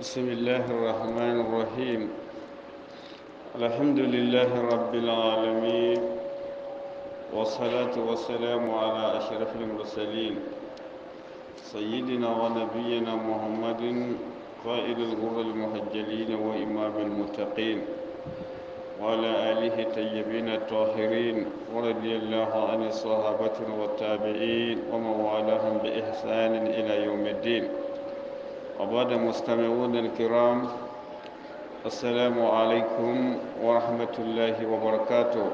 بسم الله الرحمن الرحيم الحمد لله رب العالمين والصلاة والسلام على أشرف المرسلين سيدنا ونبينا محمد قائد الغر المهجلين وإمام المتقين وعلى آله الطيبين الطاهرين ورضي الله عن الصحابة والتابعين ومن والاهم بإحسان إلى يوم الدين وبعد مستمعون الكرام السلام عليكم ورحمة الله وبركاته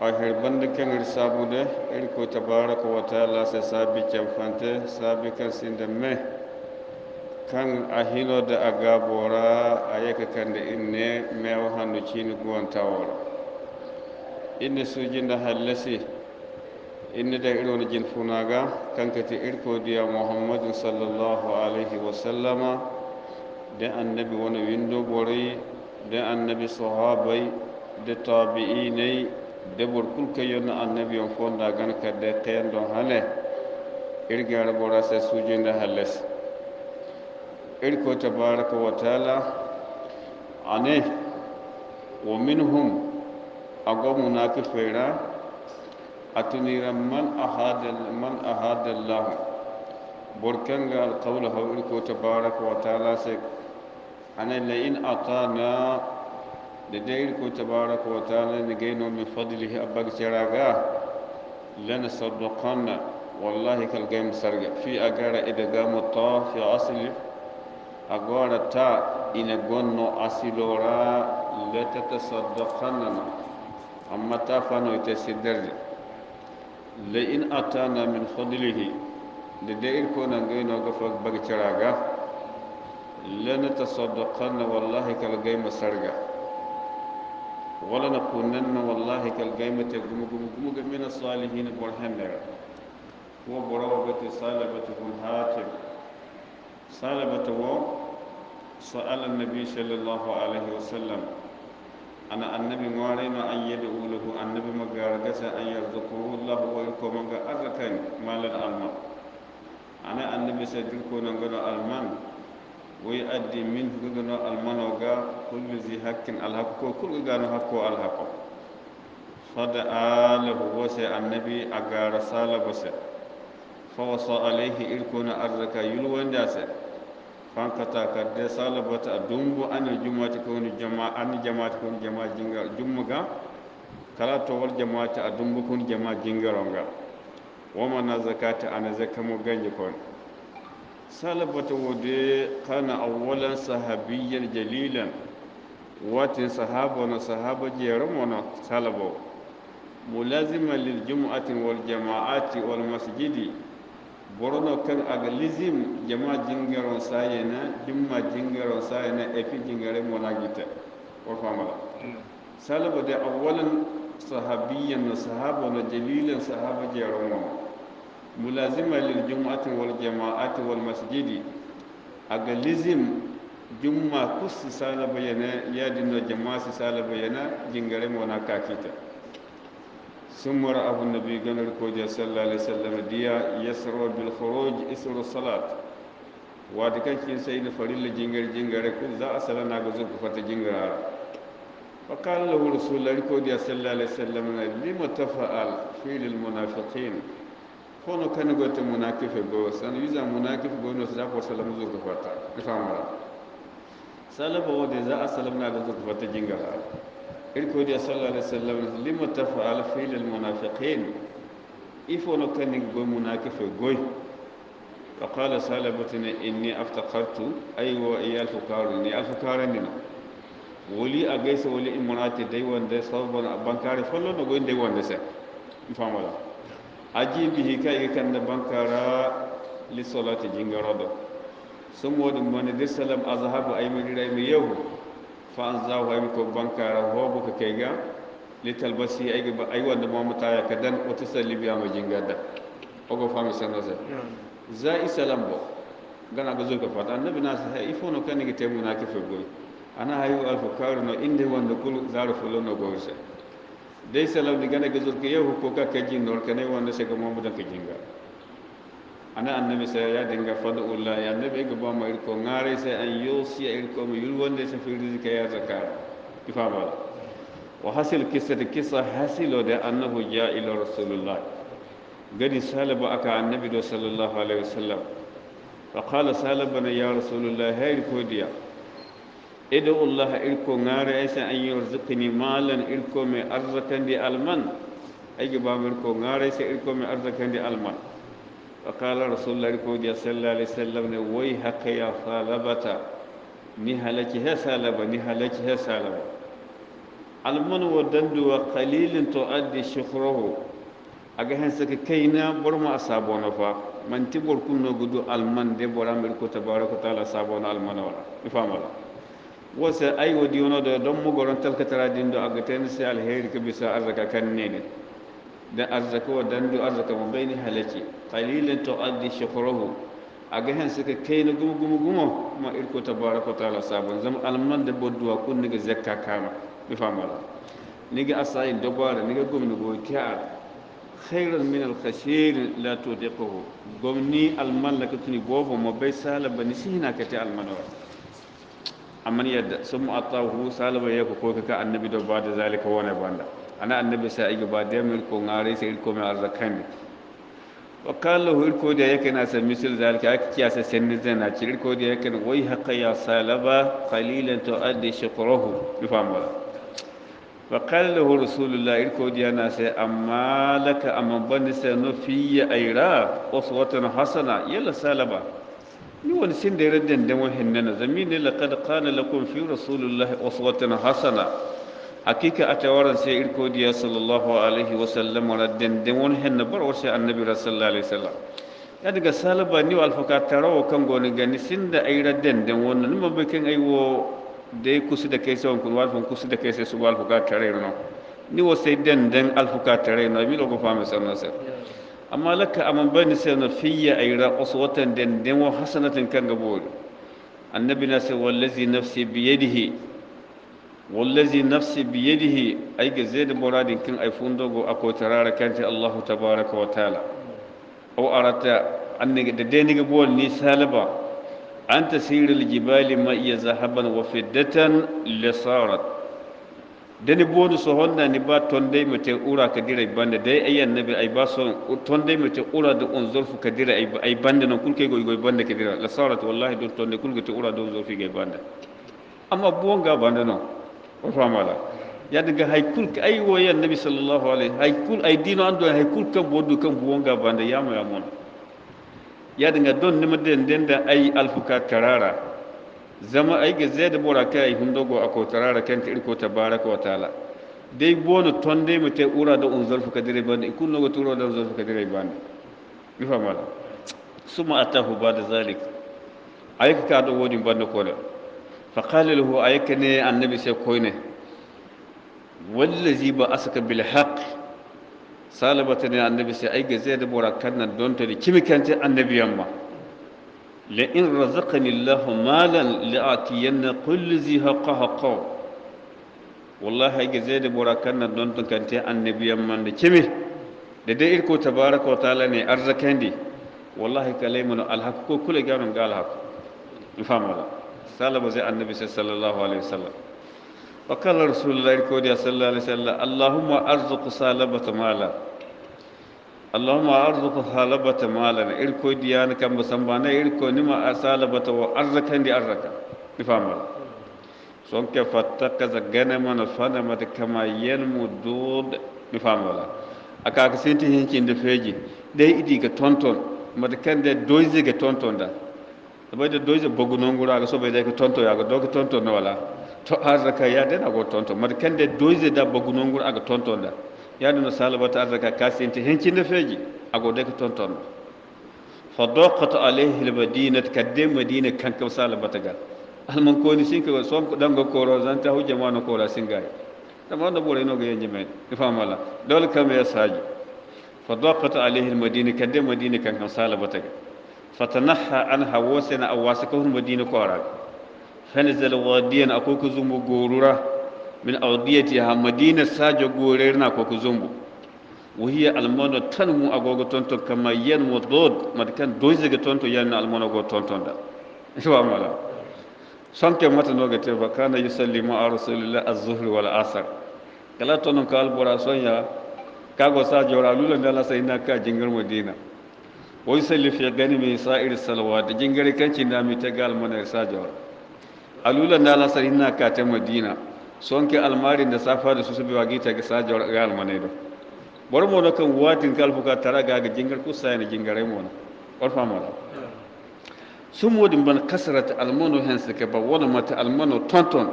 a hirban dukkan irsabu da irko tabaraka wa ta'ala sai sabi kyamfante sabi kan sin da me kan a hilo da a gabora a yaka kan da inne mai wahannu cini guwan tawar inda sujin da hallasi innida irwon jin funaga irko diya muhammadu sallallahu alaihi wasallama da annabi wani windo bori da annabi sahabai da tabi'inai da burkulka yana annabi yon fonda gan ta tayan don hale irgar bora sai sujin da halas irko tabaraka wa ta'ala ane wa minhum agwa munafiqira أتنير من احد من احد الله قال قوله انك تبارك وتعالى سك أنا لئن أطعنا لدير تبارك وتعالى نجينا من فضله ابك جراغا لن صدقنا والله كالجيم سرقة في أجارة إذا قام الطا في أصل أجارة تا إن جنو أصلورا لتتصدقنا أما تافنو يتسدرج لئن أتانا من فضله لدئر كونا غينا غفاق بغتراغا تصدقن والله كالغيمة سرغا ولنكونن والله كالغيمة غم غم غم من الصالحين هو وبروبة سالبة هاتم سالبة سأل النبي صلى الله عليه وسلم ana annabi na an yede ulogu annabi ma gara gasa an ko woy koma ga aga kan alma. ana annabi sadir kono gano alman wai addi min gogono alman ga kullu zi hakkin alhakko kullu gano hakko alhakko fada alahu wose annabi a gara sala bose fa wasa alayhi yi arzaka yulwondase fankata kadde salabata dungu ana jumati ni jama an ko ni jama jinga jummuga kala towol jamaati a ko ni jama jingaronga womana zakati ana zakka mo gañi kon salabata wode kana awwalan sahabiyyan jalilan watin sahaba na sahaba jeeromono salabo mulazima lil jumuatin wal jamaati wal masjidi borono kan aga lizim jama jingaron sayena dimma jingaron sayena efi jingare monagite ko famala hmm. salaba de awwalan sahabiyyan na sahaba na jalilan sahaba jeron mo mulazima lil jum'ati wal jama'ati wal masjidi aga lizim jumma kusi salaba yana yadinno jama'a salaba yana jingare monakakita ثم رأه النبي قال الكوجة صلى الله عليه وسلم ديا يسر بالخروج اسر الصلاة واتكاكين سيد فريل جنجر جنجر كل ذا أسلا ناقزوك فت جنجر فقال له رسول الله الكوجة صلى الله عليه وسلم لم تفعل في المنافقين kono kani gote munakife go san yuza munakife go no sa ko salamu zo ko fata ifamara salaba wode za asalam na da zo ko الكودي صلى الله عليه وسلم لما تفعل في المنافقين يفون نكتنك بو جوي فقال سالبتنا إني أفتقرت أيوة يا الفقار إني الفقار إننا ولي أجلس ولي إمراتي ديوان دي صوبا بانكاري فلو نقول ديوان دي سك فهم ولا أجيب به كي كان بانكارا لصلاة جنجرادو سمو دمبان دي سلام أذهب أي مجرد أي ميوه fa anzahu ay ko bankara hobo ka kayga litalbasi ay ga ay wanda ma mutaya ka dan wata sallibi ya majin gadda ogo fami sanasa za isalam bo gana ga zulka fata annabi nas ha ifono kan ga temu na kife goy ana hayu alfa karu no inde wanda kul zaru fulo no goyse dai salam ni gana ga zulka yau ko ka kajin nor kanai wanda sai ga mu mutan ka jinga ana annabi sai ya dinga fad'ullah ya annabi ga ba mai ko ngare sai an yosi ya irko mu yul wanda sai fi rizika ya zaka ifa ba wa hasil qissati qissa hasilo da annahu ja ila rasulullah gadi salaba aka annabi do sallallahu alaihi wasallam fa qala salabana ya rasulullah hayr kodiya ادعو الله إلكو نار أيسا أن يرزقني مالا إلكو من أرزقني المن أي بام إلكو نار أيسا إلكو من أرزقني المن فقال رسول الله ركوجي صلى الله عليه وسلم ويحك يا ثعلبة نهلك هي ثعلبة نهلك هي ثعلبة المن ودند وقليل تؤدي شكره أجهن سكينا برما أصابونا فا من تبور كنا جدو المن دي برام بركو تبارك وتعالى أصابونا المن ولا نفهم ولا وسا أي وديونا دو دم مقرن تلك ترى دين دو أجتين سال هيرك بيسا أرزك كان نيني ده أرزك ودند أرزك مبيني هلكي قليلا تؤدي شكره أجهن سك كين جم جم جم ما إركو تبارك وتعالى سبحان زم ألمان دب دوا كون نج زكا كام بفهم الله نج أساين دبارة نج جم نجوي كار خير من الخشير لا تودقه جمني ألمان لك تني بوف وما بيسال بنسينا كتي ألمان ورا أمن يد سمع الله سال بيكو كوكا النبي دبارة ذلك هو نبانا أنا النبي سأجب بعد يوم الكونغاري سيركو من أرزقهني وقال له إلكودي يكن أسا مثل ذلك أكتي أسا سنزن أتي إلكودي يكن ويهق يا صالبا قليلا تؤدي شكره يفهم ولا وقال له رسول الله إلكودي أنا أما لك أما بنس نفي أيرا أصوة حسنة يلا صالبا ni wani sin da ya raddan da wahin nan zamini laqad qala lakum fi rasulillahi hakika a tawaran sai irko diya sallallahu alaihi wasallam wa denden wani hannu bar wasu annabi sallallahu alaihi wasallam ya daga salaba ni alfaka tara wa kan goni gani sin da ai radden den wani numa bakin aiwo da ya kusa da kai sai kun wafin kusa da kai sai su alfaka yi no ni wa sai den den tara yi no mi logo fama sai na sai amma laka amman bani sai na fiya ai ra wasu watan den wa hasanatin kan gabo annabi na sai wallazi nafsi biyadihi والذي نفس بيده أي زيد مراد كن أي فندق أكو ترار كانت الله تبارك وتعالى أو أردت أن تدين قبول نسالبا أن تسير الجبال ما هي ذهبا وفدة لصارت دني بون سهون دا نبا توندي متى أورا كدير أي بند دي أي النبي أي باسون توندي متى أورا دو أنظر في كدير أي أي بند نقول كي يقول يقول بند كدير لصارت والله دو توندي كل كتير أورا دو أنظر في بند أما بون قا famala yadda ga haikul ka ai wo ya nabi sallallahu alaihi haikul ai dino ando haikul ka bodu kan buwonga banda yamu yamun ya ga don nima den den da ai alfuka tarara zama ai ga zai bora kai hundogo ako tarara kan ta irko tabaraka wa taala dai bono tonde mu te ura da unzar fuka dire banda ikun nogo turo da unzar fuka dire banda mi famala suma atahu ba'da zalik ai ka da wodin banda kola faƙali lahu a yake ne koi ne wallazi ba asaka bil haqq salabata ne annabi sai ai gaze da burakan nan don ta kimi kance annabiyan ma la in razaqani allah malan la atiyanna kulli zi haqqa haqqa wallahi ai gaze da don da dai irko tabaraka wa ta'ala ne arzakandi wallahi kalaimun alhaq ko kula garan ga alhaq in fama salama zai annabi sallallahu alaihi wasallam wa kala rasulullahi ko da sallallahu alaihi wasallam allahumma arzuq salabata mala allahumma arzuq salabata mala na irko diyan kan basan ba na irko nima salabata wa arzakan di arzaka ifama son ke fattaka zagana mana fana mata kama yanmu dud ifama aka ka sinti hinkin da feji dai idi ga tonton mata kan da doize ga tonton da da ɓeyde doyde boggu nonguraga so ɓeyde ko tontoyaga tonto na wala to arsaka yaden ago tonton mata kende doyde da da gura ga tonto boggu nongur aga tontonɗa yaade no salabata arsaka kasinte da feji a ago de ko tontonno fa doqata alayhi lmadinat kadde madina kan kankam ga gal alman koni sinka somko ɗango koro janta hujja ma no kora singayi ɗama wonno ga yeñi men ifa mala dole kam e saji fa doqata alayhi lmadina kadde madina kan kankam salabata ga fatanaha an hawo sena awasa ka hun madina kwara fanzal wadiyan ako ku zumbu gorura min awdiyati ha madina sajo gorer na ko ku zumbu wahiya almono tanmu agogo tonto kama yan wadod madkan doize ga tonto yan almono go tonton da shi wa mala sanke mata no ga teba kana yusallimu a rasulillah az-zuhr wal asr kala tonon ka albura sonya kago sajo ra lulan da la sai na ka jingar madina wai sallif ya gani mai sa'ir salwa da gingare kanci na mai ta gal mana sa jawar alulan na lasar hinna ka kata madina son ke almarin da safa da su su biwa gita ga sa jawar ga mana do bar mona kan watin kalfuka tara ga ga gingar kusa yana gingare mona, na mona sun modin ban kasarata almano hens da ka ba wani mata almano tonton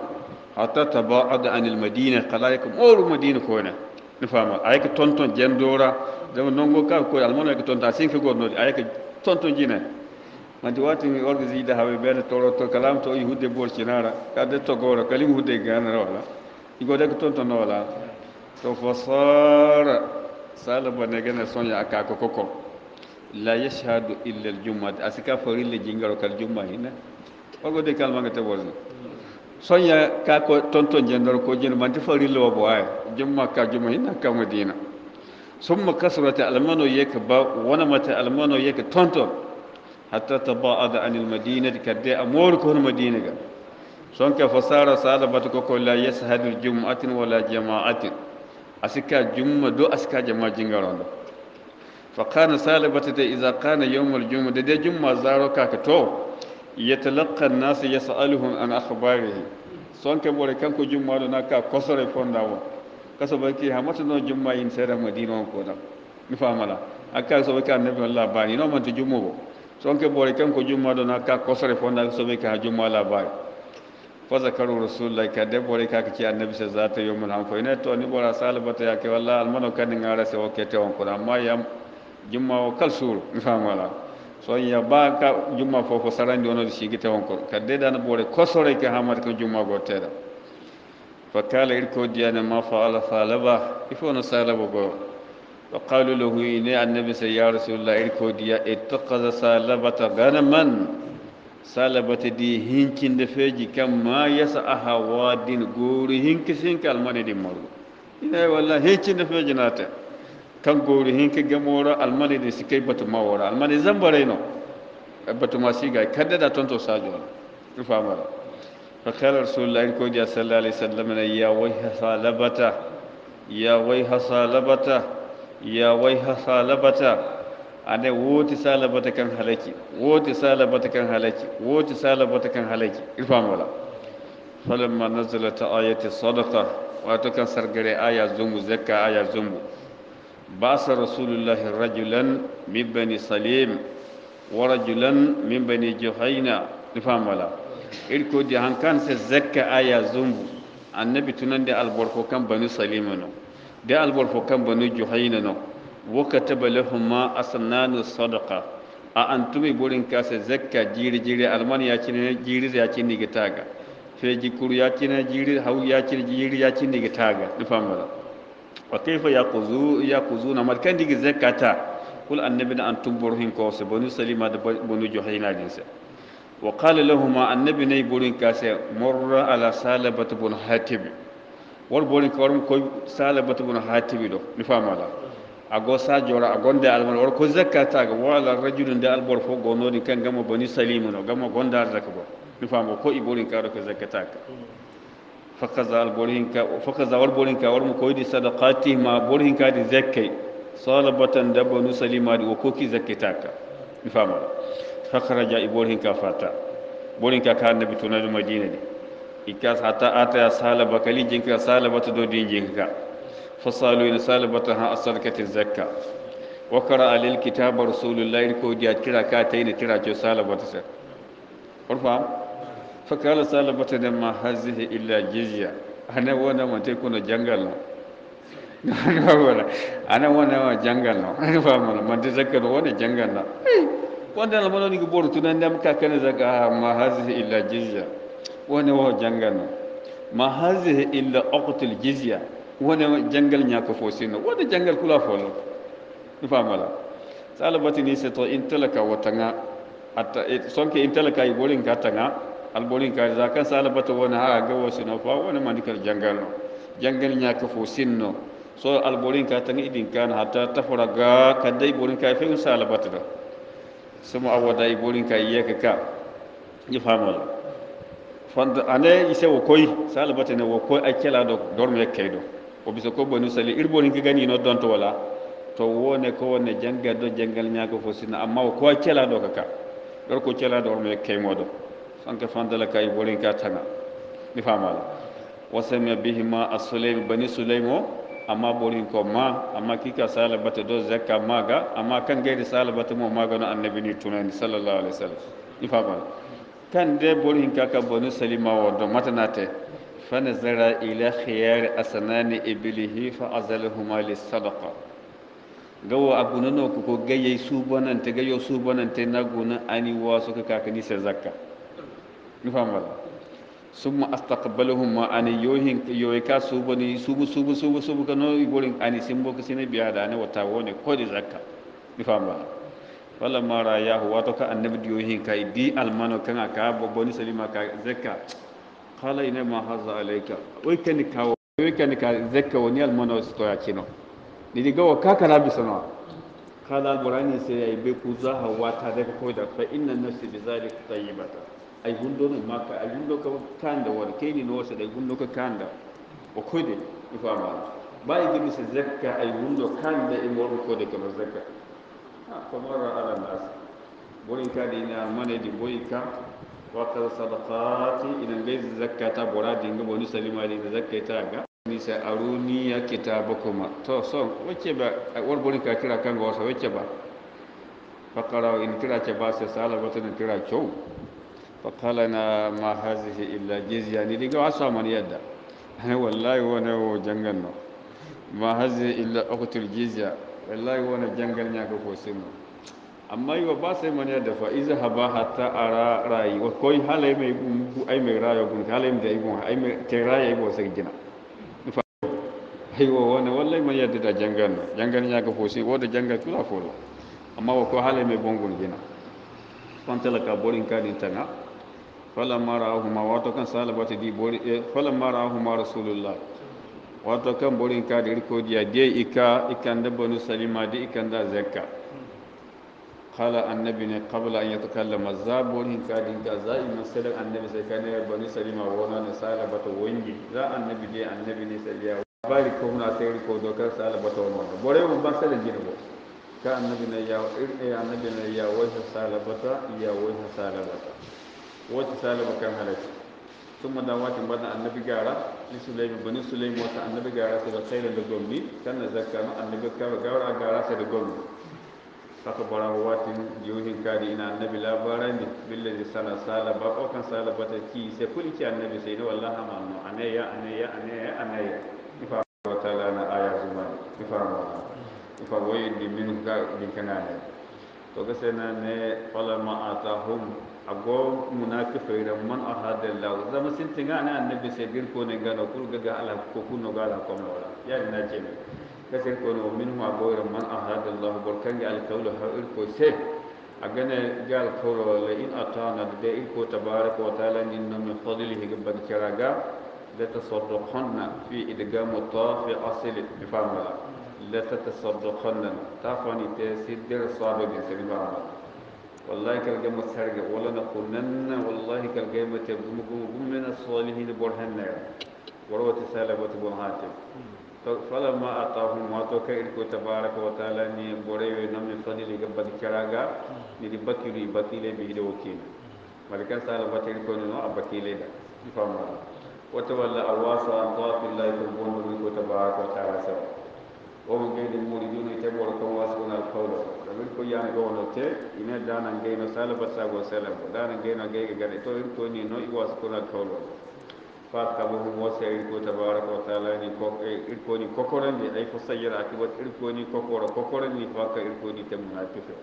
a ta da anil madina kala yakum oru madina ko ne nufa ma ka tonton dora dama nongo ka ko almano ke tonta sinke godno ayake tonto jina manti wati mi orgi zida hawe bene toro to kalam to ihude bol cinara de to goro kalim hude gana rola igode ko tonto nola to fasara sala bone gene sonya aka ko koko la yashhadu illa al jumma asika forille jingaro kal jumma hina ogode kalma ngate bolno sonya ka ko tonto jendor ko jin manti forille wo boy jumma ka jumma hina ka madina ثم كسرت المانو يك با ونمت المانو يك تونتون حتى تباعد عن المدينة كدي أمور كون مدينة سونك فصار سالبة كوكو لا يسهد الجمعة ولا جماعة أسكا جمعة دو أسكا جماعة جنغران فكان سالبة إذا كان يوم الجمعة دي جمعة زارو كاكتو يتلقى الناس يسألهم عن أخباره سونك بوري كانكو جمعة ناكا كسر فونداو kasoba ke ha mata no jumma in sera madina on ko da mi famala akka soba ka annabi wallahi bani no man to jummo bo son ke bore kan ko jumma do na ka kosare fonda soba ka jumma la bani fa zakaru rasulullahi ka de bore ka ki annabi sa zata yomul han ko ina to ni bora salbata ya ke wallahi almano kan ngara se o kete on ko amma yam jumma o kal suru mi famala son ya ba ka jumma fofo sarandi ono sigite on ko kadde dan bore kosore ke hamata ko jumma go teda فقال إركوديان ما فعل فالبا يفون سالبا فقالوا له إني النبي يا رسول الله إركوديا اتخذ سالبة غنما سالبة دي هنكين دفيجي كما يسعها وادين غوري هنك سنك الماني دي مرو إنه والله هنكين دفيجي ناتا كان غوري هنك غمورا الماني دي سكي باتما ورا الماني زنبرينو باتما سيغاي كددا تنتو ساجوانا فهمنا فقال رسول الله انكو جاء صلى الله عليه وسلم يا ويها صالبتا يا ويها صالبتا يا ويها صالبتا أنا ووتي صالبتا كان هلكي ووتي صالبتا كان هلكي ووتي صالبتا كان هلكي إفهم ولا فلما نزلت آية الصدقة واتو كان سرقري آية زمو زكا آية زمو باس رسول الله رجلا من بني سليم ورجلا من بني جهينة إفهم ولا irko di hankan se zakka aya zumbu annabi tunan da alborfo kan banu salima no da alborfo kan banu juhaina no wa kataba lahum ma asnanu sadaqa a antumi burin sai zakka jiri jiri alman ya ci ne jiri ya ci ni gitaga fe kur ya ci ne jiri hau ya ci jiri ya ci ni gitaga da famara wa kaifa yaquzu na markan digi zakata kul annabi an tumburhin ko sai banu salima da banu juhaina وقال لهما النبي ني بولين كاسي مر على سالبة بن هاتب ور بولين كورم كوي سالبة بن هاتب دو نفهم على أقول ساجورا أقول ده ألمان ور كوزة كاتا ولا رجل ده ألبور فوق غنودي كان جمو بني سليم نو جمو غندا زكبو نفهم وكوي بولين كارو كوزة كاتا فكذا البولين كا فكذا ور بولين كا ور مكوي دي صدقاتي ما بولين كادي دي زكي صالبة ده بني سليم دي وكوكي زكتاكا نفهم على fakharaja iborin ka fata borin ka ka annabi to na madina ne ikka hatta ata ya sala bakali jinka bata do din jinka fasalu ila bata ha asarkati zakka wa qara alil kitab rasulullahi ko dia kira ka tayi tira ce bata sa kurfa sala bata da ma hazihi illa jizya ana wana mate kuna jangalo ana wana wana jangalo ana fa mana mate zakka wana na. wanda na mano ni gubor tunan da muka kana daga ma hazihi illa jizya wani wa jangana ma hazihi illa uqtul jizya wani jangal nya ka fosina wani jangal kula folo ni famala salabati ni se to intalaka watanga atta sonke intalaka i borin ka tanga al borin ka zakan salabata wani ha ga wasina fa wani manikal jangal jangal nya ka fosinno so al borin ka tanga idin kana hatta tafara ga kadai borin ka fe salabata da sumu da yi borin ka iye kaka i famola fanda ane ise wo koy sala batene wo a akela do dorme kaydo ko bisa ko bonu sali irborin ka gani na don tawala to wone ko wone janga do jangal nyaako fo na amma wo koy akela do kaka dor ko akela do dorme kaymodo sanka fandala kay borin ka tanga mi famola wasamiya bihima as-sulaym bani sulaymo amma borin ko ma amma kika sala bata do zakka maga amma kan gairi sala bata mo maga no annabi ni tunani sallallahu alaihi wasallam ifa ba kan de borin ka ka bonu salima wa do mata nate fa nazara ila khiyar asnani iblihi fa azalahuma lis sadaqa gawo aguna no ko ko gaye su bonan te gayo su bonan te naguna ani waso ka ka ni se zakka ifa ba ma astaqbaluhum ma ani yohin yoyka subu ni subu subu subu subu kano igorin ani simbo kisine biya da ne wata wani ko di zakka mi famba wala mara ya huwa to ka annabi yohin ka di almano kan aka boboni salima ka zakka qala ina ma haza alayka wai kan ka wai kan ka zakka wani almano to ya kino ni diga wa ka kana bisana qala alburani sai ya bai ku za zahawa ta daga ko da fa inna nafsi bi zalika tayyibata ai gundo no makka ay gundo ka kanda wor keni no wasa ay gundo ko kanda o kode mi fama ba yi gimi se zakka ai gundo kanda e mor ko de kama zakka ha ko mara ala nas borin ka de na mane di boy ka wa ka sadaqati ina ta bora boradi ngabo ni salima di ta ga ni sai aruni ya kitaba kuma to so wace ba war borin ka kira kan ga wasa wace ba fakarau in kira ce ba sai salama tana kira kyau فقال انا ما هذه الا جزيه ني ديغا واسا من يدا انا والله وانا وجنغنو ما هذه الا اخت الجزيه والله وانا جنغلنيا كو سينو amma yi ba sai mani da fa iza haba hatta a rayi wa koi halai mai gungu ai mai raya gun halai da igun ai mai te sai gina ai wani wallahi mani yadda da jangan ya ga fosi wa da jangan kula amma wa ko mai gina فلما راهما واتو كان دي بوري إيه، فلما راهما رسول الله واتو كان بورين كاد ريكو دي دي ايكا ايكان دبونو سليما دي ايكان دا زكا قال النبي قبل ان يتكلم الزابون ان كاد ان كذا ان سيد النبي سيكان بني سليما وانا نسال بتو وينجي ذا النبي دي النبي ني سليا بارك هنا سيد كو دوك بوري مو بان كان النبي يا النبي يا وجه سال يا وجه سال wacce salama kan halarci sun madawakin bana annabi gara ni sulaimi bani sulaimi wata annabi gara sai da khairar da gwamni kan da zakka na annabi kara gara gara sai da gwamni saka bara watin yohin kadi ina annabi labara ne billahi sala sala ba kokan sala bata ki sai kulki annabi sai na wallahi ma annu anaya anaya anaya anaya ifa wa ta'ala na aya zuma ifa ma ifa wayi di min ga bin kana to ga sai na ne fala ma atahum ago munafiqe da man ahada Allah zama sin tinga na annabi sai dir ko ne gano kul ga ala ko kuno ga ala ko no wala ya ina ce mi kasir ko no min ma go man ahada Allah bor kan ga al qawlu ha ir ko se agane ga al qawlu la in atana da ir ko tabarak wa taala nin min fadlihi ga bag kiraga la tasaddaqanna fi idgam at-taf fi asl bi famala la tatasaddaqanna tafani tasir dir sabab bi sabab والله كل كالجمة سرجة ولا نقولن والله كل كالجمة تبدو من الصالحين برهنا وروة سالبة برهاتم فلما أعطاهم ما توكا إلكو تبارك وتعالى ني بوري نمي فضل يقبض كراغا ني ندي بكيري بكيلي بيدي وكينا ملكا سالبة إلكو نو أبكيلي فما وتولى أواسا أن طاق الله يكبون إلكو تبارك وتعالى سوا ومن قيد المولدون يتبوركم واسكن القول min ko yani ɗono te ina dana ngeyno salaba sago salabo dana ngeyno geyga gaɗe to en toni no i was kona kawlo fat kabo hum wose ir ko tabaraka wa taala ni ko ir ko ni kokoro ni ay fo sayyara akibat ir ko ni kokoro kokoro ni fa ka ir ko ni te munafiqe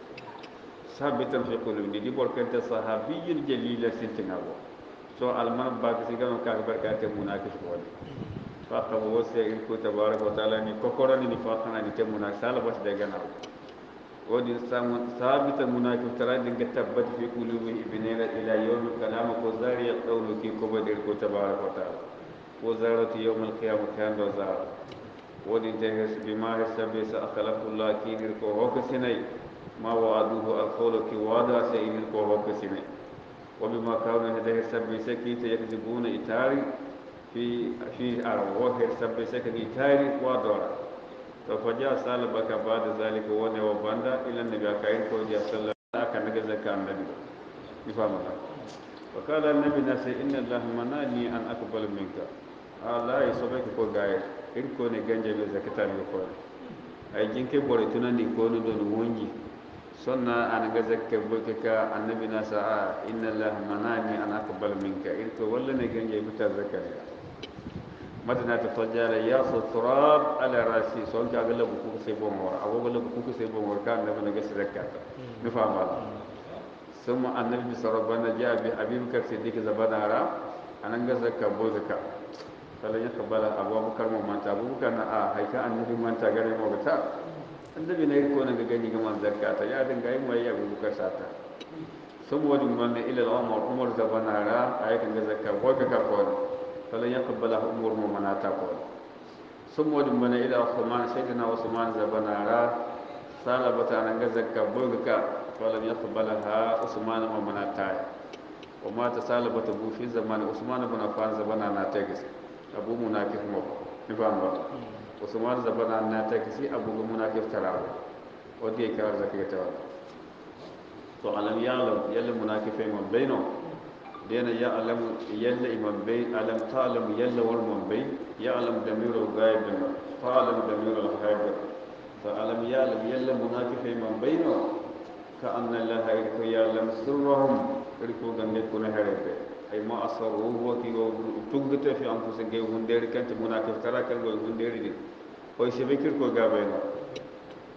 sabitan fi qulubi di bor kente sahabiyyil jalila sintinabo so alman ba ka sigano ka barkate munafiqe wala fat kabo wose ir ko tabaraka wa taala ni kokoro ni fa kana ni te munafiqe salaba de ganawo ودي ثابت المنافق ترى دين تبت في قلوبه ابن الى يوم القيامه وزاري القول كي كما دير كو تبارك وتعالى وزارة يوم القيامه كان وزارة ودي تهس بما حسب سأخلف الله كي دير كو هوك سني ما وعدوه القول كي وعدا سين كو هوك سني وبما كان هداه حسب سكي يكذبون اتاري في في ارواح حسب سكي اتاري ودورا to faja sala baka ba'da zalika wone wa banda ila nabi akayin ko ja sallallahu aka naga zakka annabi ni fama ta wa qala annabi na inna allaha manani an aqbal minka ala yi sobe ko gaye in ko ne ganje be zakata ni ko ay jinke bore tunani ko no don wonji sonna an ga zakka boke ka annabi na a ah, inna allaha manani an aqbal minka in ko walla ne ganje mutar zakka madana ta tojjala ya so turab ala rasi so ka galla ko se bo mor abo awo galla ko se bo mor ka kan nafa naga sadaka mi fama summa annabi bi sarabana ja bi abim ka abubakar siddiq zabanara anan ga zakka bozaka falan ya kabala abubakar mu manta abubakar na a haika annabi manta gare mo ta annabi ne ko na gani ga man zakka ta ya dinga yin waye abubakar sata sabuwa wajin manne ila al-umar umar zabanara ayakan ga zakka bozaka ko فلن يقبله أمور ممناتا قول ثم جمنا إلى عثمان سيدنا عثمان زبنارا سالبة عن غزك بلغك فلم يقبلها عثمان ممناتا وما تسالبة بو في زمان عثمان بن عفان زبنانا تجس أبو منافق مو مبا با عثمان زبنانا تجسي أبو منافق تراوي ودي كار زكية تراوي to alam yalam yalla munafiqin wa دينا يا علم يلا إمام بين علم تعلم يلا بين يا علم دمير الغائب ما تعلم دمير الغائب فعلم يا علم يلا منافق إمام بينه كأن الله يا علم سرهم يركو غنيكو هرب أي ما أصر أصروه وكي تنقت في أنفسك يهندير كانت منافق تراك الغندير دي ويسبكر كو غابينه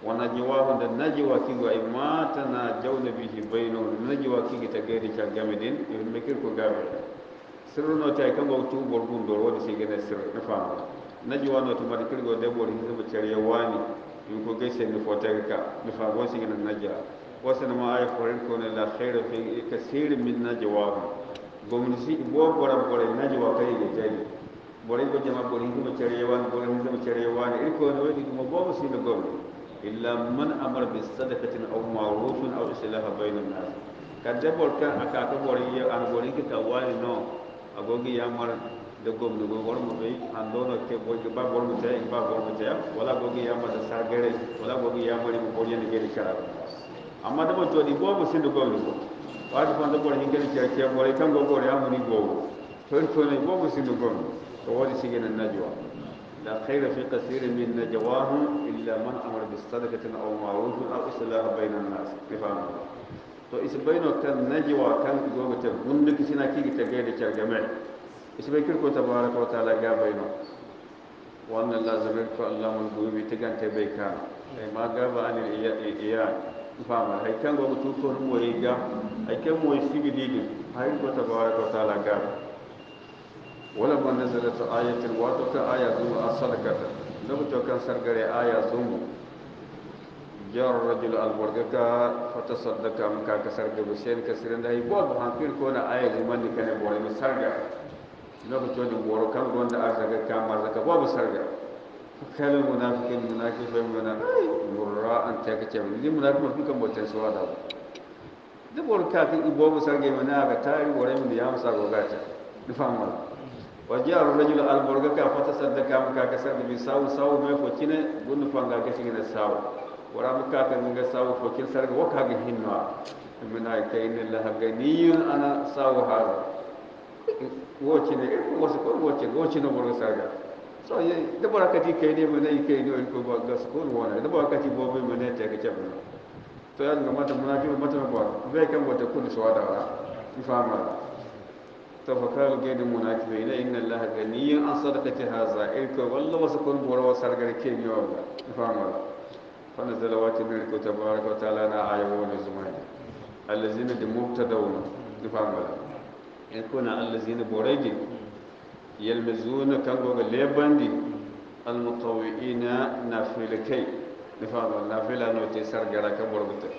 ونجواهم النجوى كي ما تناجون به بينهم النجوى كي تغيري كجامدين يمكن كجامد سرنا تاكم وتو بربون دورو دي سيغنا سر نفهم نجوى نو تماركل غو دبور هيزم تشريواني يمكن كي سنفوتك نفهم وسيغنا نجا وسنما اي فرين كون لا خير في كثير من نجواهم gomnisi bo bora bora najwa kai ga jari bora go jama bora hizma charewan bora hizma charewan irko no wadi mo bo musina gomnati إلا من أمر بالصدقة أو معروف أو إصلاح بين الناس كجبر كان أكاك بوري أن بوري كتواري نو أقولي يا مر دعوم دعوم بور مبي أن دونا كبوي كبا بور مجاي كبا بور مجاي ولا أقولي يا مر دسار غيري ولا أقولي يا مر بوري نجيري كلام أما دم جودي بوا بسين دعوم دعوم واحد فان دعوم نجيري كلام كيا بوري كم دعوم يا مر نجوم فين فين بوا بسين دعوم تواري سيجن النجوم لا خير في كثير من نجواهم إلا من أمر بالصدقة أو معروف أو إصلاح بين الناس بفهم تو إس بينو كان نجوا كان جوجت يقوم تبندك سناكي تغير تجمع إس بيكركو تبارك وتعالى جا بينو وأن الله زبير الله من قومي تغان كان أي ما ان عن الإيان فهم هاي كان جوجت تو توفر مويقا هاي كان سي مويسي دي هاي قوم تبارك وتعالى جا wala man nazalat ayatul wa ta aya zu asalakata lokacin kan sargare aya zumu yar rajul alwargaka fata saddaka maka ka sarga busen ka sirin da hibo ba hanfir ko na aya zuman ni kane bore mi sarga lokacin da boro kan gonda azaga kamar zaka babu sarga kalin munafikin munafiki fa munafiki murra an ta kace ni munafiki kan botan suwa da duk wani kafin ibo musar gaima na ga tari wani mu da ya musa gogata dufa mara وجاء الرجل البرغك فتصدق عن كاك سد بيساو ساو ما فكنا غن فانغا كشين ساو ورام كاك نغا ساو فكين سرغ وكا هنوا من اي كاين الله غني انا ساو هذا وچنه وسكو وچنه وچنه برغ سرغ so ye da baraka ti kai ne mana kai ne wani ko ba ga su ko wani da baraka ti bobe mana ta ga cewa to ya ga mata munafiki mata ba bai kan wata kun تفكر جد مناكب إلى إن الله غني عن صدقة هذا إلك والله وسكون برا وسرجر كيم يوم فهم الله فنزل وات من الكتاب بارك وتعالى أنا عيون الزمان الذين دمبتدون فهم الله يكون الذين بريدي يلمزون كانوا لبندي المطوعين نافلكي نفعل نافلة نوتي سرجر كبر بتر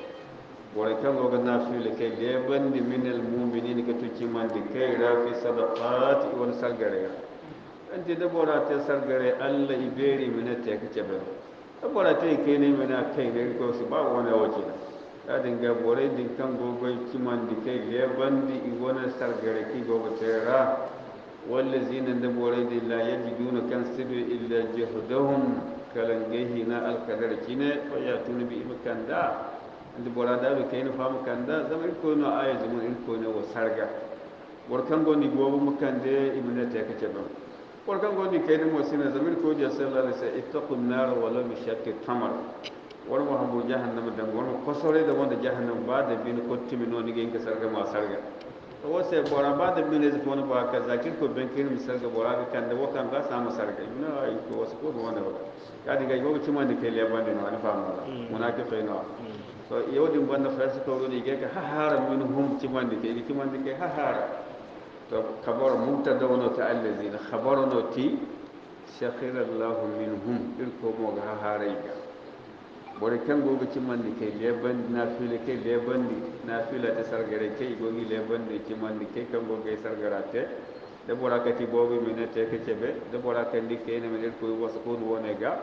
ولكن وجدنا في الكيبان من المؤمنين كتوكي من دكيرا في صدقات ونسلقريا أنت دبورا تسلقريا ألا إبيري من التكتبان دبورا تيكيني من أكيني ركو سبا وانا وجينا لكن دبورا دين كان بوغي كي من دكيرا بندي إغونا سلقريا كي بوغتيرا والذين دبورا دين لا يجدون كان سبب إلا جهدهم كلنجيهنا الكدر كيني ويأتون بإمكان دار ande bora da be kayna fam kanda zama irko no aya zama irko no wasarga warkan goni gobo mukande imna ta kace ba warkan goni kayna mo sina zama irko ja sallallahu alaihi wasallam ittaqun nar wa la bishaqqi tamar war mo hambo jahannama dan war mo kosore da wanda jahannama ba da bin kotti min woni genga sarga ma sarga to wose bora ba da bin zai wani ba ka zakir ko ben kin misalga bora ka kanda wakan ga samu sarga imna ay ko wasu ko wanda ba kadi ga gobo cimma ne kai liya ba ne na wani famu munafiki na so yawɗin banda farasi ko guey ko ha hun min hum timande ke ɓe timande ke ha haara to kabaro mubtada wono to allahina habarono ti sahirallahu min hum ɗirkomogo ha haaray ga bore kangogo timmande ke na nafila ke lebandi ta sargare ke igogi lebandi timmande ke kangogo e sargarate ɗe ti kati boɓe minete ke ceɓe ɗe ɓora kandi ke ene men ɗirkoyi wasu kon wone ga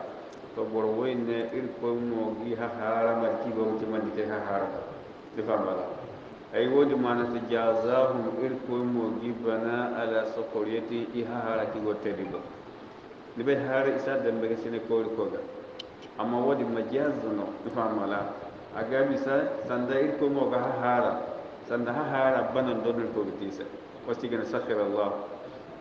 to boro woyne ir koymogi ha haramari kibamuke mandite ha harama ɗi famala ay wodi manata jazahum ir koymogi bana ala sokoriyeti i ha hara kigo tedi ba ni ɓe hara isa dembege sene kori koga amma wodi majazuno ɗi famala aga misa sanda ir koymoga ha hara sanda ha hara banan donol koga tisa wasigana sahira llah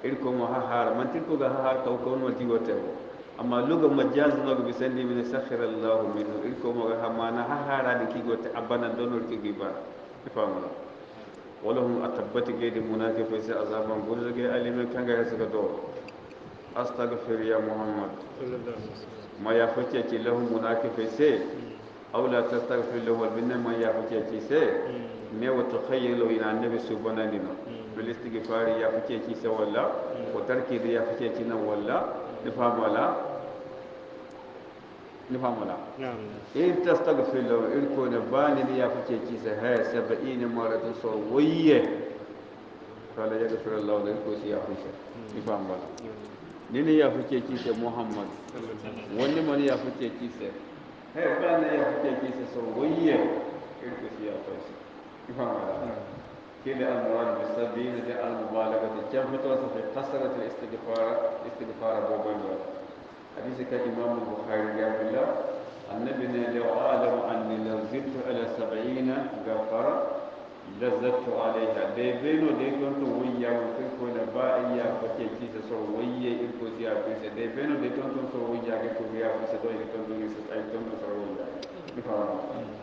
ir koymo ha hara mantir koga ha hara taw kownmo tigo tewo أما لوجا مجاز لوجا بيسند من سخر الله منه إلكم وجه ما نها هارا لكي قلت أبانا دونر كي جبا إفهم الله ولهم أتبت جيد مناك في سأ زابا بوزا جي ألي من كان جاهز كدو أستغفر يا محمد ما يفتي أتي لهم مناك في سأ أو لا تستغفر له والبنا ما يفتي أتي سأ ne wa takhayyal hmm. hmm. wa ina annabi subhanahu wa ta'ala bil istighfar ya fice ci sa walla ko tarki ya fice ci na walla نفهم ولا نفهم ولا نعم إن تستغفر له إن كون باني يا فتيكي سهى سبعين مرة صوية فلا يغفر الله لك يا فتيكي نفهم ولا نيني يا فتيكي محمد وني من يا فتيكي هي باني يا فتيكي صوية إن كون يا نفهم ولا نعم. كلا المراد بالسبيل في المبالغة كم متوسط في قصرة الاستغفار استغفار بوبان حديث كإمام البخاري جاب الله النبي لو أعلم أني لو زدت على سبعين غفرة لزدت عليها دي بينو دي كنت ويا وكيكو نبائيا فكي كيسا سر ويا إلكو سيا كيسا دي بينو دي كنت سر ويا كيكو بيا كيسا دوي كنت سر ويا بفرمه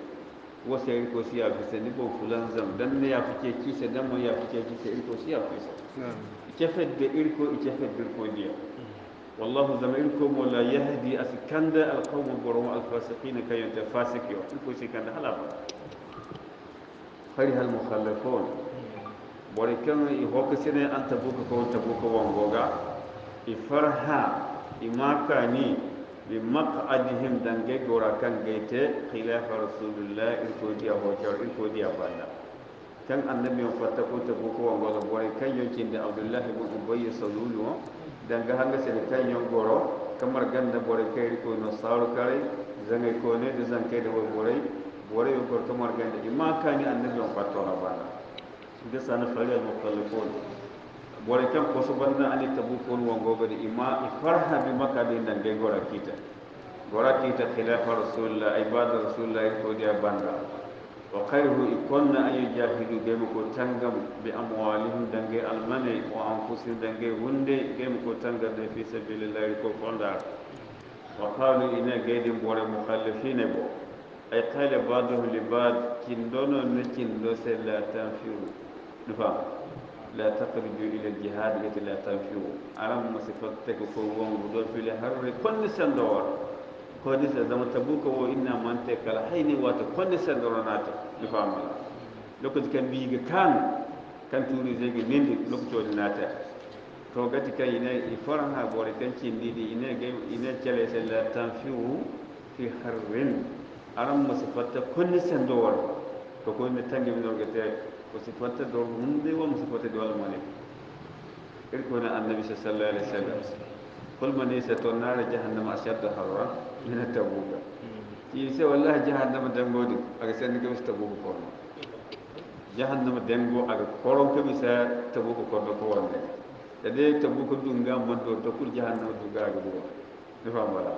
wasa yi ko siya fi sani bo fulan zam dan ne ya fike kisa dan mo ya fike kisa ir ko siya fi sani ike fedde ir ko ike fedde ko biya wallahu zama ir ko mo la yahdi askanda al qawm borom al fasiqin kay yanta fasik yo ir ko sikanda hala ba khari hal mukhallafun bori kan i hokka sene anta buka ko anta buka wangoga i farha i makani بمقعدهم دنگي غورا كان جيت خلاف رسول الله إن كوديا هوجر إن كوديا باندا كان النبي فتكو تبوكو وانغولا بوري كان يوجين عبد الله بن أبي سلولو دنگا هنگا سيدي كان يوغورو كمر غندا بوري كيري كو نصارو كاري زنگي كوني دزن كيري وبوري بوري يوغور كمر غندا إما كان النبي فتونا باندا دسانا فريق المخلفون bore ken koso banna ali tabukol wongoɓede ima i farha bi makka ɗi nange gora kiita gora kiita khilafa rasulillah ibada rasulillah en kodi a banda wa kayru i konna an yujahidu gemi ko tangam bi amwalihim dange almane wa anfusihim dange hunde gemi ko tangam de fi sabilillahi ko fonda wa qalu ina geydi bore mukhallifine bo ay qala baduhum li bad kindono ne kindo sella tanfiru no fam لا تخرجوا إلى الجهاد التي لا تنفعوا ألم صفتك فوهم بدور في الحر كل سندور كل سندور تبوك وإنا منتك الحين وات كل سندور ناتك نفهم الله لو كنت كان بيجي كان كان توري زي نندك لو كنت ناتك تو gati كان ina ifaran ha كان kan دي دي game جاي chale se لا tanfiu في harrin aram masifata kunni sandowar to ko ne وستوتر دور ممضي ومستوتر دور المولد إركونا النبي صلى الله عليه وسلم كل من يستون نار جهنم أشد حرا من التبوك يسأل والله جهنم دنبودي أغسان كم استبوك كورنا جهنم دنبو أغا كورن كم يسأل تبوك كورنا كورنا لدي تبوك دنگا من دور تقول جهنم دنگا أغا بوا نفهم ولا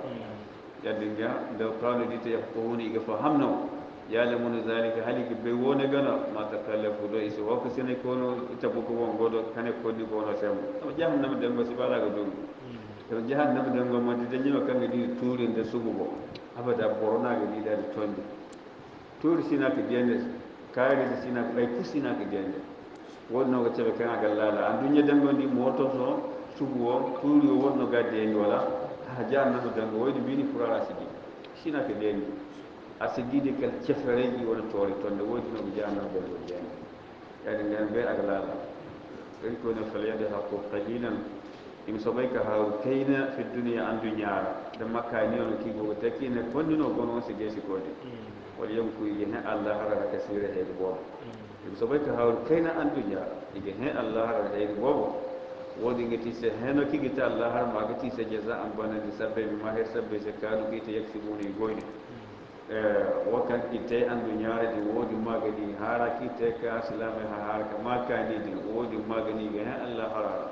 يا دنگا لو قالوا لي تيفقهوني فهمنا yalemunu zalika haliki be wone gana ma takallafu do isi woko sene kono ko won godo kane konni kono sem sama jahannama dengo sibala ga dungu jahan hmm. jahannama dengo mante dañino kamɓe ɗiɗi tuurinde sugubo abada boronaga ɗiɗade tonde tuuri ke jende kaaride sinaka ku sina ke jende wonno ko ceɓe kanaga laala an duña dengo ndi mototo subu o tuuri o wonno gadde ndi wala ha jahannama dengo woyde mbini pourara sigi sinaka dendi asididi kal cefereji wona toore tonde woodi nomo janoɓe o jeena yani nden mbe aga laala ɗen kone falyade hakko qalilan im soɓay ka haaru keyna fi duniya andu ñaara nde makkani ono kiigogo takki ne konndino gon on si geesi koode wala yom kuyige he allah harata ka siire heyde boobo im soɓay ka haaru keyna andu ñaara ige he allah harata heyde boobo woodi ngati se heno kigita allah har ma gati se jaza an banandi sabbe mi maher sabbe se kaalu kiite yaksibuna e goyne Eh, wakan ite an dunyare da wodin magani hara ta ka silame ha hara ka makani da wodin magani ga yan Allah harara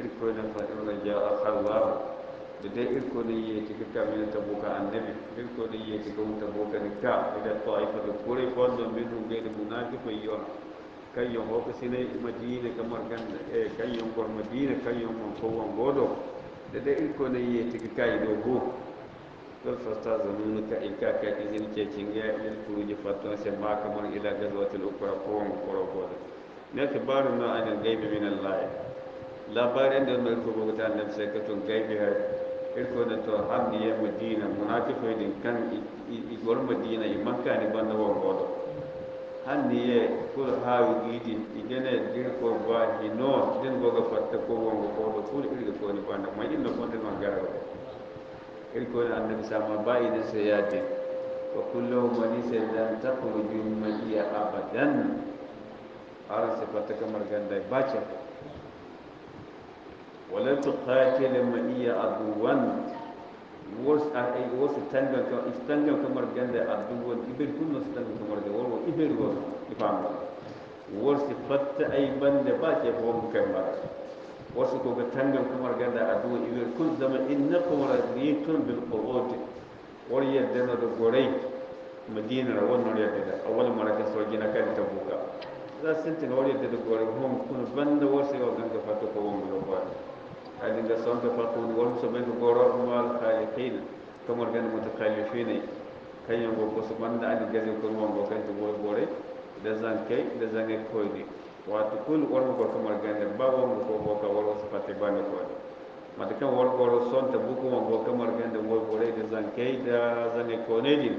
irko na fadin raja Allah da dai irko ne ya tika kamin ta boka annabi irko ne ya tika wuta boka ne ka idan taifa da kore fondo min ruge da munafiqai yawa kan yan hoka sine madina kamar kan eh, kan yan gor madina kan yan mon kowan godo da dai irko ne ya tika kai dogo kul fasta zanunuka in ka ka izin ke kinga il kuruji fatton se ma kamar ila gazwatul ukra ko mu koro gore ne ka baru na an gaibi min Allah labarin da mai ko bogata nan sai ka tun gaibi har irko da to hamdi ya madina munafiqai din kan igor madina i makka ni banda wa godo hanni ye kul hawi gidi igene dir ko ba hino din goga fatta ko wongo ko kul ko ni الكون النبي سما بايد سيادة وكل من سيدان تقول جن مدي أبدا أرس فتك مرجان داي باشا ولا تقاتل مدي أدوا وس آه، أي وس تنجم كم استنجم كم مرجان داي أدوا إبر كل نص تنجم كم مرجان ولو إبر هو يفهم ورس فت أي بند باشا هو مكمل wasu ko ga tangan kumar ganda a duwa iwe kun zama inna kumar rikun bil qawd war yadda na da gorai madinar wannan yadda da awal maraka so gina kan ta buka za sun tana war yadda da gorai hom kun banda wasu yau ganga fata ko wani yau ba kadin da son ka fata wani so bai goro mal khaliqin kamar ganda mutakallifin kan yango ko su banda an gaze kurman bokan ta gorai da zan kai da zan kai koyi waati kulu worbo ko kamar gande bawo mo ko boka woro sapate bane ko mata kan wor goro sonta buku mo go kamar gande wo bore da zan kai da zane ko ne din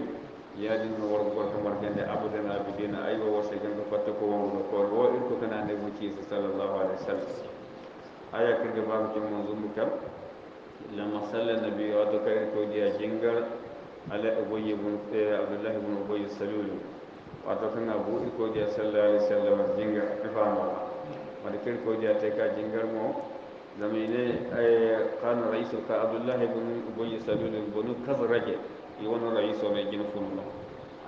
ya din no wor go kamar gande abudan abidina ai wo sai gan ko fatta ko won ko wo in ko kana ne buci sallallahu alaihi wasallam aya kirga babu kin manzum kam lamma salla nabi wa to kai ko dia jingar ala ubayy ibn abdullah ibn ubayy salulu وأتفنى أبو الكوجة صلى الله عليه وسلم جنجر إفاما ولكن كوجة تيكا جنجر مو زميني أي قام رئيس عبد الله بن أبي سلول بن كزرجة يوانو رئيس ومي جنفون الله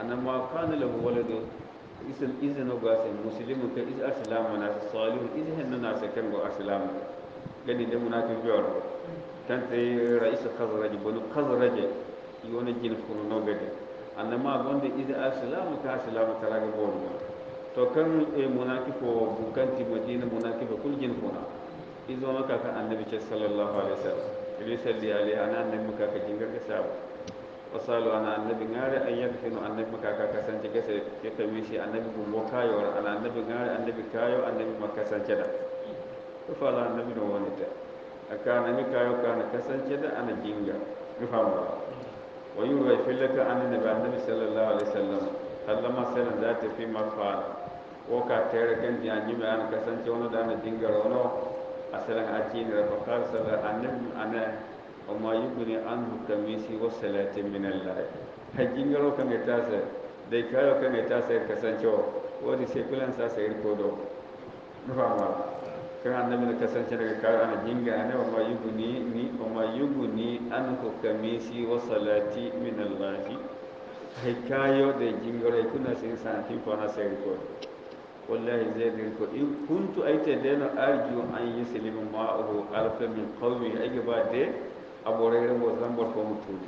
أنا ما كان له ولد إذن إذن أبواس المسلم كإذ أسلام وناس الصالح إذ هن ناس كم أسلام لأنه دي مناك بيور كانت رئيس خزرج بن خزرج يوانو جنفون الله annama gonde ida aslamu ta aslamu taraga bongo to kan e munaki ko bukanti madina munaki be kulgin kuna izo maka ka annabi ce sallallahu alaihi wasallam ili salli alaihi ana annabi maka ka jingar ka sabu wasalu ana annabi ngare an yakfinu annabi maka ka kasance ka sai ke kamishi annabi bumbo kayo ana annabi ngare annabi kayo annabi maka kasance da to fala annabi no wonita aka annabi kayo ka na kasance da ana jinga mi famu ويغفر لك عن النبي النبي صلى الله عليه وسلم اللهم صل ذات في مرفان وكا تير كنت يعني ما انا كسنت وانا دانا دينغر وانا اصلا اتين رفقا صلى انم انا وما يبني عنه كميسي وصلاة من الله هجينغر وكا نتاسا ديكار وكا نتاسا كسنت وانا سيكولان ساسا يركودو نفهم الله kan annabi da kasance daga kawo ana hinga ne wa mayuguni ni wa mayuguni an hukamisi wa salati min allahi kai kayo da jingare kuna sai santi ko na sai ko wallahi zai din ko in kuntu aita da na arju an yuslima ma'ahu alfa min qawmi aje ba de aborere mo zambar ko mutubi